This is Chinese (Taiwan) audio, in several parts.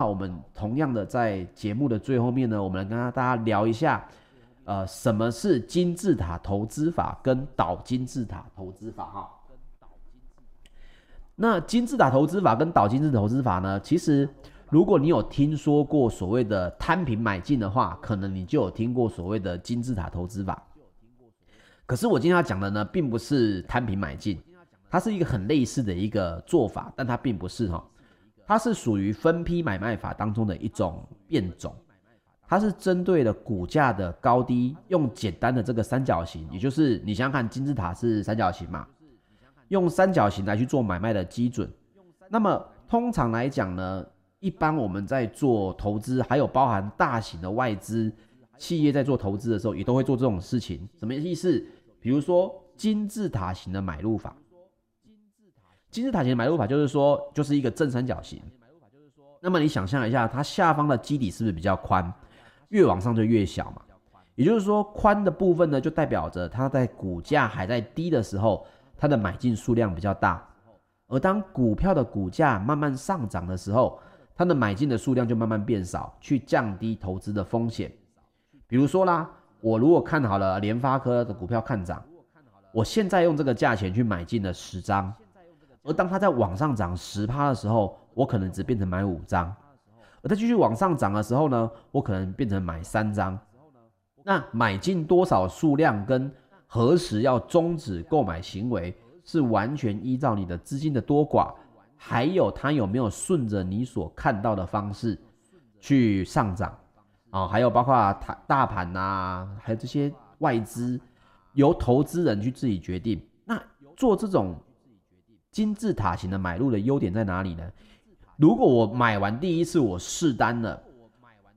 那、啊、我們同樣的在節目的最後面呢，我們來跟大家聊一下，呃，什麼是金字塔投資法跟倒金字塔投資法哈？那金字塔投資法跟倒金字塔投資法呢，其實如果你有聽說過所謂的攤平買進的話，可能你就有聽過所謂的金字塔投資法。可是我今天要講的呢，並不是攤平買進，它是一個很類似的一個做法，但它並不是哈。它是屬於分批買賣法當中的一種變種，它是針對的股價的高低，用簡單的這個三角形，也就是你想想看金字塔是三角形嘛，用三角形來去做買賣的基準。那麼通常來講呢，一般我們在做投資，還有包含大型的外資企業在做投資的時候，也都會做這種事情。什麼意思？比如說金字塔型的買入法。金字塔形的買入法就是說，就是一個正三角形。那麼你想象一下，它下方的基底是不是比較寬？越往上就越小嘛。也就是說，寬的部分呢，就代表着它在股價還在低的時候，它的買進數量比較大。而當股票的股價慢慢上漲的時候，它的買進的數量就慢慢變少，去降低投資的風險。比如說啦，我如果看好了聯發科的股票看漲，我現在用這個價錢去買進了十張。而當它在往上漲十趴的時候，我可能只變成買五張；而它繼續往上漲的時候呢，我可能變成買三張。那買進多少數量，跟何時要終止購買行為，是完全依照你的資金的多寡，還有它有沒有順着你所看到的方式去上漲啊、哦，還有包括它大盤吶、啊，還有這些外資，由投資人去自己決定。那做這種。金字塔型的買入的優點在哪裡呢？如果我買完第一次我試單了，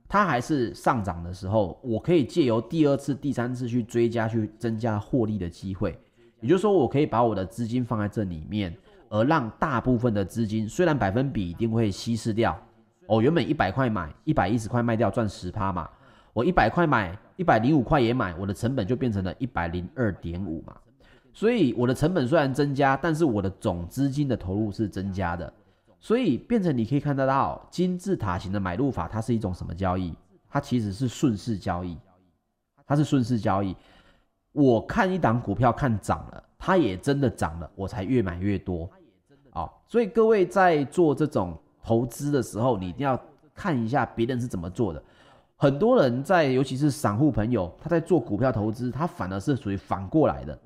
它還是上漲的時候，我可以借由第二次、第三次去追加、去增加獲利的機會。也就是說，我可以把我的資金放在這裡面，而讓大部分的資金雖然百分比一定會稀釋掉。哦，原本一百塊買，一百一十塊賣掉賺十趴嘛，我一百塊買，一百零五塊也買，我的成本就變成了一百零二點五嘛。所以我的成本雖然增加，但是我的總資金的投入是增加的，所以變成你可以看得到金字塔型的買入法，它是一種什麼交易？它其實是順勢交易，它是順勢交易。我看一檔股票看漲了，它也真的漲了，我才越買越多。啊、哦，所以各位在做這種投資的時候，你一定要看一下別人是怎麼做的。很多人在，尤其是散戶朋友，他在做股票投資，他反而是屬於反過來的。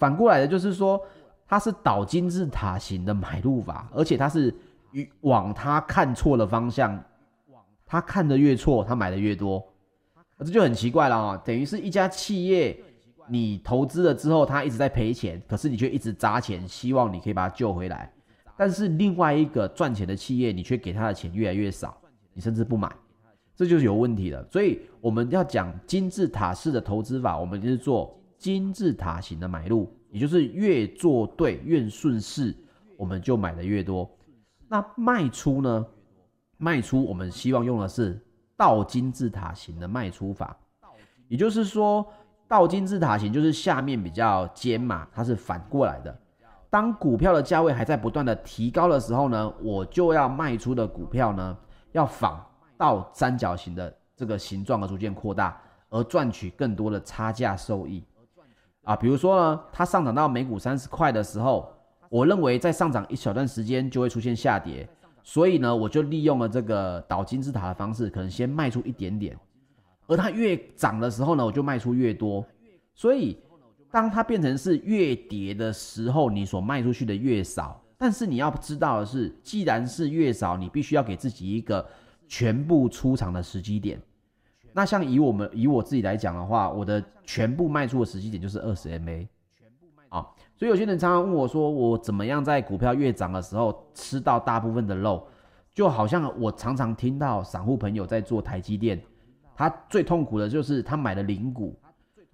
反過來的，就是說，它是倒金字塔型的買入法，而且它是與往他看錯了方向，他看得越錯，他買得越多，而這就很奇怪了啊、哦，等於是一家企業，你投資了之後，它一直在賠錢，可是你卻一直砸錢，希望你可以把它救回來，但是另外一個賺錢的企業，你卻給他的錢越來越少，你甚至不買，這就是有問題的。所以我們要講金字塔式的投資法，我們就是做。金字塔型的買入，也就是越做對、越順勢，我們就買的越多。那賣出呢？賣出我們希望用的是倒金字塔型的賣出法，也就是說，倒金字塔型就是下面比較尖嘛，它是反過來的。當股票的價位還在不斷的提高的時候呢，我就要賣出的股票呢，要仿倒三角形的這個形狀而逐漸擴大，而賺取更多的差價收益。啊，比如說呢，它上漲到每股三十塊的時候，我認為再上漲一小段時間就會出現下跌，所以呢，我就利用了這個倒金字塔的方式，可能先賣出一點點，而它越漲的時候呢，我就賣出越多，所以當它變成是越跌的時候，你所賣出去的越少，但是你要知道的是，既然是越少，你必須要給自己一個全部出場的時機點。那像以我們以我自己來講的話，我的全部賣出的時機點就是二十 MA，啊、哦，所以有些人常常問我說，我怎麼樣在股票越漲的時候吃到大部分的肉？就好像我常常聽到散戶朋友在做台積電，他最痛苦的就是他買了零股，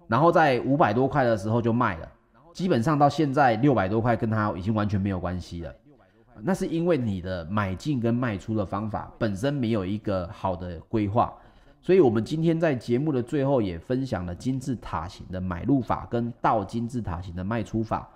然後在五百多塊的時候就賣了，基本上到現在六百多塊跟他已經完全沒有關係了。那是因為你的買進跟賣出的方法本身沒有一個好的規劃。所以，我們今天在節目的最後也分享了金字塔型的買入法，跟倒金字塔型的賣出法。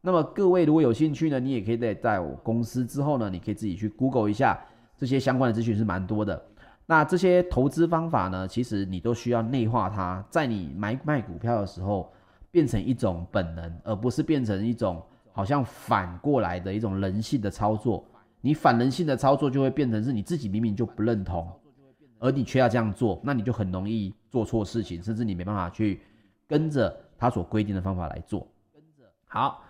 那麼，各位如果有興趣呢，你也可以在在我公司之後呢，你可以自己去 Google 一下，這些相關的資訊是蠻多的。那這些投資方法呢，其實你都需要內化它，在你買賣股票的時候，變成一種本能，而不是變成一種好像反過來的一種人性的操作。你反人性的操作，就會變成是你自己明明就不認同。而你卻要這樣做，那你就很容易做錯事情，甚至你沒辦法去跟着他所規定的方法來做。好。